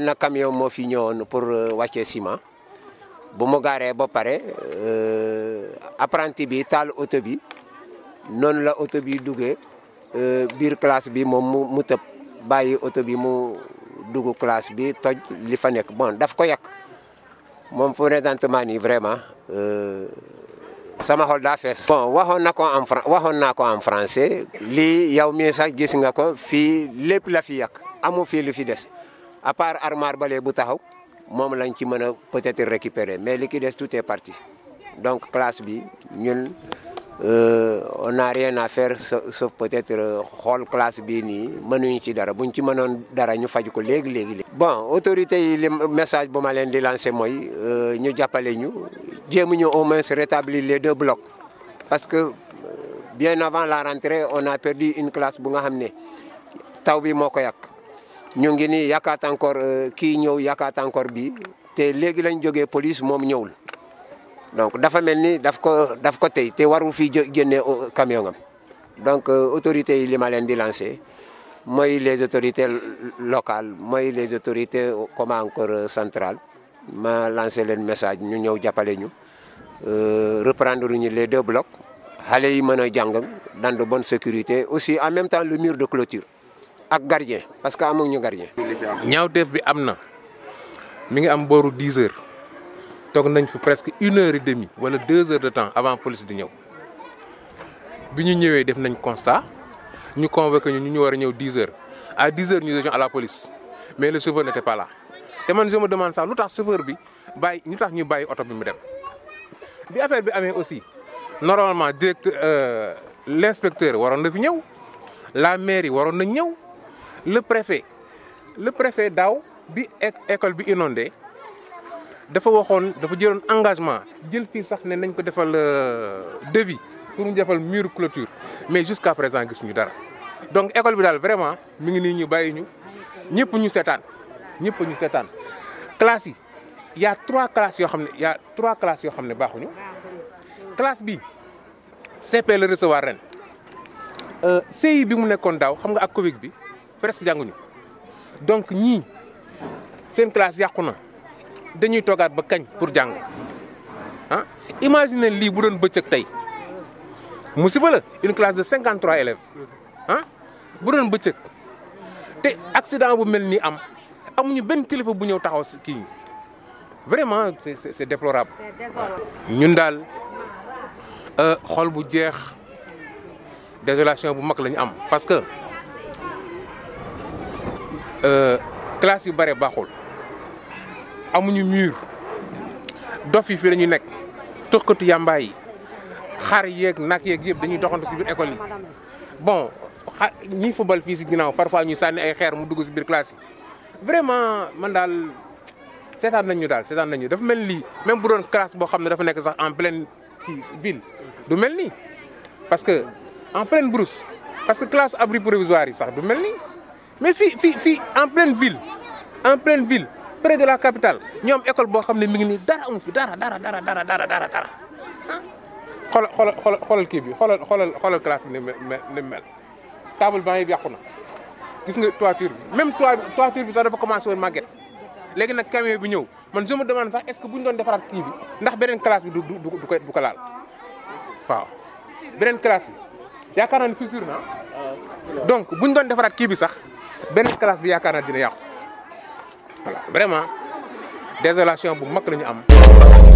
ben camion mo fi ñëwoon pour euh, wàccee ciment bu mo garé ba paré euh apprenti bi tal auto bi non la auto bi euh biir classe bi mom mu mu tëb bàyyi oto bi mu dugg classe bi toj li fa nek bon daf ko yàq moom présentement nii vraiment euh sama hol da fess bon waxon nako en français waxon nako en français li yaw mi sax gis nga ko fi lepp la fi yak amu fi lu fi dess à part Armar bale bu taxaw moom lañ ci mëna peut-être récupérer mais li ki tout est parti donc classe bi ñun euh, on n'a rien à faire sauf peut-être euh, xool classe bii ni mënuñu ci dara buñ ci mënon dara ñu faj ko légui légui bon autorité yi li message buma ma leen di lancer mooy euh, ñu jappalé ñu jéem ñu au moins rétablir les deux blocs parce que bien avant la rentrée on a perdu une classe bu nga xamné taw bi moko yak ñu ngi nii yaakaat encore euh, kii ñew yakat encore bi Té légui lañ joggé police mom ñewul donc dafa melni daf ko daf ko tey te warul fii génne euh, camion am donc euh, autorité yi lima ma leen di lancer moy les autorités locales moy les autorités comment encore centrale ma lancé leen message ñu ñew jappalé ñu reprendre ñu les deux blocs xale yi mëna a dans de bonne sécurité aussi en même temps le mur de clôture ak gardien parce que amuñu gardien ñawtef bi amna mi ngi am boru 10h tok nañ fi presque 1h30 demie wala 2h de temps avant police di ñew biñu ñëwé def nañ constat ñu convoqué ñu ñu wara ñew 10h à 10h nous étions à la police mais le chauffeur n'était pas là Et man je me demande ça lutax chauffeur bi bay ñu tax ñu bay auto bi mu dem bi affaire bi amé aussi normalement direct euh, l'inspecteur waron na fi ñew la mairie waron na ñew le préfet le préfet daw bi école bi inondé dafa waxone dafa jëron engagement jël fi sax né nañ ko défal euh, devis pour ñu défal mur clôture mais jusqu'à présent ñu dara donc école bi dal vraiment mi ngi nii ñu bàyyi ñu ñëpp ñu sétane ñëpp ñu sétane classe yi y a trois classes yo xamné il y a trois classes yo xamné baxu ñu classe bi CP e la recevoir ren euh, CI bi mu nekkoon daw xam nga ak Covid bi presque jànguñu donc ñii seen classe yakuna dañuy toogaat ba kañ pour jang hein ah, imagine li bu done beuk tay musiba la une classe de 53 élèves hein, bu done beuk te accident bu melni nii am amuñu ben kilifa bu ñew taxaw si vraiment c'est c'est déplorable. ñun euh xol bu jeex désolation bu mag lañ am parce que. Euh, classe yu bare baaxul amuñu mur dof fi lañu nek tokkatu yambaay xar yek nak yek yeb dañuy doxantu ci bir école yi bon xa football fi ci ginaaw parfois ñu sanni ay xeer mu dugg ci bir classe vraiment man dal sétane nañ dal sétane seetaan dafa melni même bu doon classe bo xamne dafa nek sax en pleine ville du melni parce que en pleine brousse parce que classe abri provisoire sax du melni mais fi en pleine ville en pleine ville près de la capitale nous école une école. dara dara dara dara dara dara dara toiture même toiture bi camion je demande est-ce que du euh, donc benn classe bi yaakaar naa dina yàqu voilà vraiment désolation bu mag la ñu am.